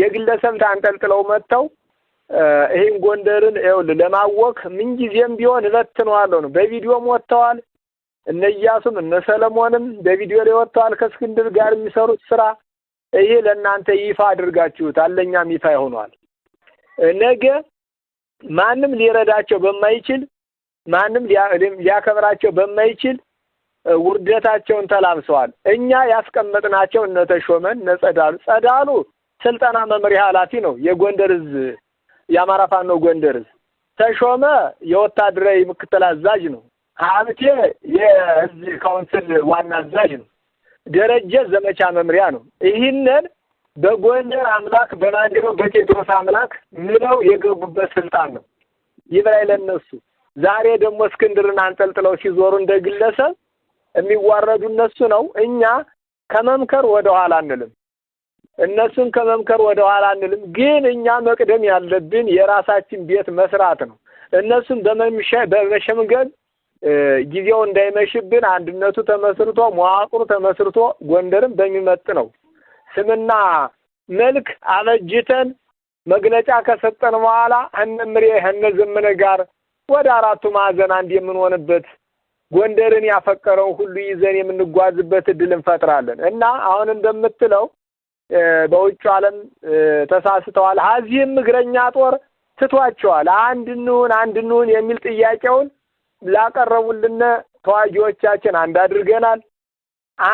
የግለሰብ አንጠልጥለው መጥተው ይህን ጎንደርን ይኸውልህ ለማወክ ምንጊዜም ቢሆን እበትነዋለሁ ነው። በቪዲዮም ወጥተዋል። እነ እነ ሰለሞንም በቪዲዮ ላይ ወጥተዋል። ከእስክንድር ጋር የሚሰሩት ስራ ይሄ ለእናንተ ይፋ አድርጋችሁት አለኛም ይፋ ይሆኗል። ነገ ማንም ሊረዳቸው በማይችል ማንም ሊያከብራቸው በማይችል ውርደታቸውን ተላብሰዋል። እኛ ያስቀመጥናቸው እነ ተሾመን እነ ጸዳሉ ጸዳሉ ስልጠና መምሪያ ኃላፊ ነው የጎንደር እዝ የአማራ ፋኖ ጎንደር እዝ። ተሾመ የወታደራዊ ምክትል አዛዥ ነው። ሀብቴ የእዝ ካውንስል ዋና አዛዥ ነው። ደረጀ ዘመቻ መምሪያ ነው። ይህንን በጎንደር አምላክ በማንዴሮ በቴድሮስ አምላክ ምለው የገቡበት ስልጣን ነው። ይብላኝ ለነሱ። ዛሬ ደግሞ እስክንድርን አንጠልጥለው ሲዞሩ እንደ ግለሰብ የሚዋረዱ እነሱ ነው። እኛ ከመምከር ወደ ኋላ አንልም። እነሱን ከመምከር ወደ ኋላ አንልም። ግን እኛ መቅደም ያለብን የራሳችን ቤት መስራት ነው። እነሱን በመሸምገል ጊዜው እንዳይመሽብን አንድነቱ ተመስርቶ መዋቅሩ ተመስርቶ ጎንደርም በሚመጥ ነው ስምና መልክ አበጅተን መግለጫ ከሰጠን በኋላ እነምሬ እነ ዘመነ ጋር ወደ አራቱ ማዕዘን አንድ የምንሆንበት ጎንደርን ያፈቀረውን ሁሉ ይዘን የምንጓዝበት እድል እንፈጥራለን እና አሁን እንደምትለው በውጭ ዓለም ተሳስተዋል። አዚህም እግረኛ ጦር ትቷቸዋል። አንድ እንሁን አንድ እንሁን የሚል ጥያቄውን ላቀረቡልን ተዋጊዎቻችን አንድ አድርገናል።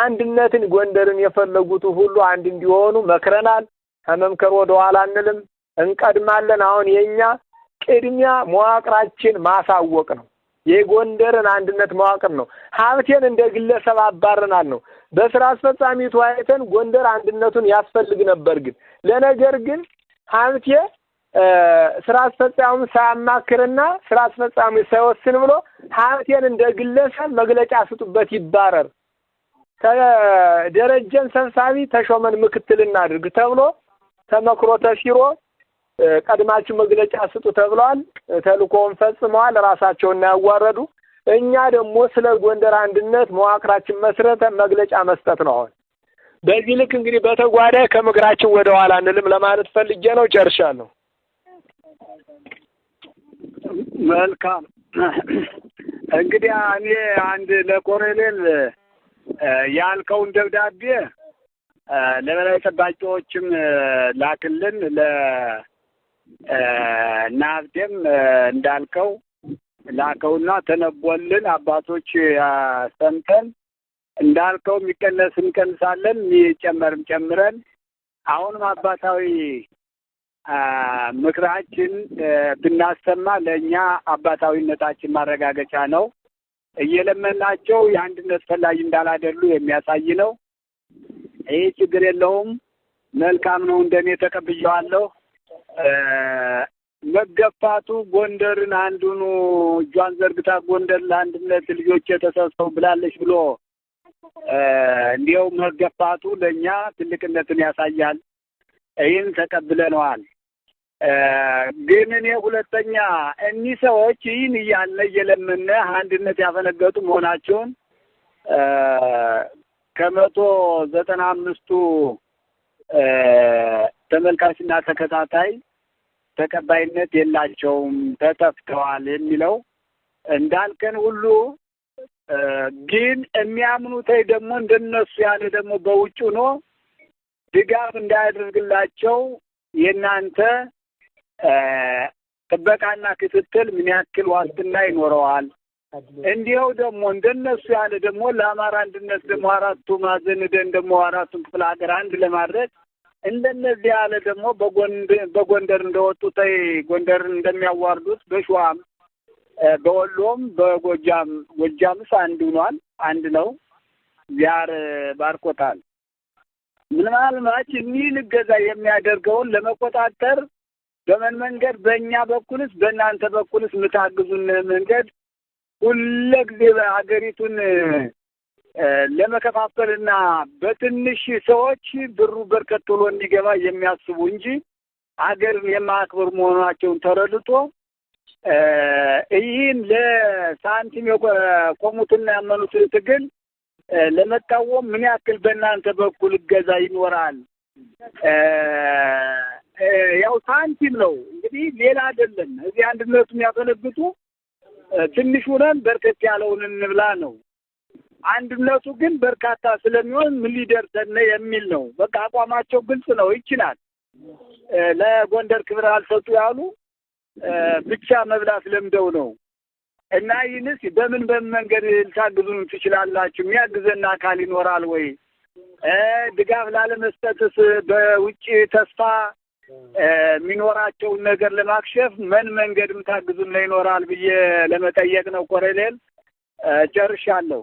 አንድነትን ጎንደርን የፈለጉት ሁሉ አንድ እንዲሆኑ መክረናል። ከመምከር ወደ ኋላ አንልም፣ እንቀድማለን። አሁን የእኛ ቅድሚያ መዋቅራችን ማሳወቅ ነው። የጎንደርን አንድነት መዋቅር ነው። ሀብቴን እንደ ግለሰብ አባረናል ነው። በስራ አስፈጻሚ ተወያይተን ጎንደር አንድነቱን ያስፈልግ ነበር ግን ለነገር ግን ሀብቴ ስራ አስፈጻሚውን ሳያማክርና ስራ አስፈጻሚ ሳይወስን ብሎ ሀብቴን እንደ ግለሰብ መግለጫ ስጡበት ይባረር፣ ደረጀን ሰብሳቢ ተሾመን ምክትል እናድርግ ተብሎ ተመክሮ ተሽሮ ቀድማችሁ መግለጫ ስጡ ተብለዋል። ተልእኮውን ፈጽመዋል። ራሳቸውን ያዋረዱ። እኛ ደግሞ ስለ ጎንደር አንድነት መዋቅራችን መስረተ መግለጫ መስጠት ነው። አሁን በዚህ ልክ እንግዲህ በተጓዳይ ከምግራችን ወደ ኋላ አንልም ለማለት ፈልጌ ነው። ጨርሻለሁ። መልካም እንግዲህ እኔ አንድ ለኮሎኔል ያልከውን ደብዳቤ ለበላይ ጠባቂዎችም ላክልን ለ እና ሀብቴም እንዳልከው ላከውና ተነቦልን አባቶች ሰምተን እንዳልከው የሚቀነስ እንቀንሳለን፣ የሚጨመርም ጨምረን አሁንም አባታዊ ምክራችን ብናሰማ ለእኛ አባታዊነታችን ማረጋገጫ ነው። እየለመናቸው የአንድነት ፈላጊ እንዳላደሉ የሚያሳይ ነው። ይህ ችግር የለውም፣ መልካም ነው። እንደኔ ተቀብዬዋለሁ። መገፋቱ ጎንደርን አንዱኑ እጇን ዘርግታ ጎንደር ለአንድነት ልጆች የተሰብሰቡ ብላለች ብሎ እንዲያው መገፋቱ ለእኛ ትልቅነትን ያሳያል። ይህን ተቀብለነዋል። ግን እኔ ሁለተኛ እኒህ ሰዎች ይህን እያልን እየለመነ አንድነት ያፈነገጡ መሆናቸውን ከመቶ ዘጠና አምስቱ ተመልካችና ተከታታይ ተቀባይነት የላቸውም፣ ተጠፍተዋል የሚለው እንዳልከን ሁሉ ግን የሚያምኑተይ ደግሞ እንደነሱ ያለ ደግሞ በውጭ ሆኖ ድጋፍ እንዳያደርግላቸው የእናንተ ጥበቃና ክትትል ምን ያክል ዋስትና ይኖረዋል? እንዲያው ደግሞ እንደነሱ ያለ ደግሞ ለአማራ አንድነት ደግሞ አራቱ ማዘንደን ደግሞ አራቱን ክፍለ ሀገር አንድ ለማድረግ እንደነዚህ ያለ ደግሞ በጎንደር እንደወጡ ተይ ጎንደር እንደሚያዋርዱት በሸዋም በወሎም በጎጃም ጎጃምስ አንድ ሆኗል። አንድ ነው። ዚያር ባርኮታል። ምናልባት እኒህን እገዛ የሚያደርገውን ለመቆጣጠር በምን መንገድ በእኛ በኩልስ በእናንተ በኩልስ የምታግዙን መንገድ ሁለጊዜ ሀገሪቱን ለመከፋፈልና በትንሽ ሰዎች ብሩ በርከት ብሎ እንዲገባ የሚያስቡ እንጂ አገርን የማክበር መሆናቸውን ተረድቶ ይህን ለሳንቲም የቆሙትና ያመኑትን ትግል ለመቃወም ምን ያክል በእናንተ በኩል እገዛ ይኖራል? ያው ሳንቲም ነው እንግዲህ ሌላ አይደለም። እዚህ አንድነቱ የሚያፈለግጡ ትንሹ ነን በርከት ያለውን እንብላ ነው። አንድነቱ ግን በርካታ ስለሚሆን ምን ሊደርሰን የሚል ነው። በቃ አቋማቸው ግልጽ ነው። ይችላል ለጎንደር ክብር አልሰጡ ያሉ ብቻ መብላት ለምደው ነው እና ይህንስ በምን በምን መንገድ ልታግዙን ትችላላችሁ? የሚያግዘን አካል ይኖራል ወይ? ድጋፍ ላለመስጠትስ በውጭ ተስፋ የሚኖራቸውን ነገር ለማክሸፍ ምን መንገድም ታግዙን ይኖራል ብዬ ለመጠየቅ ነው። ኮሎኔል ጨርሻለሁ።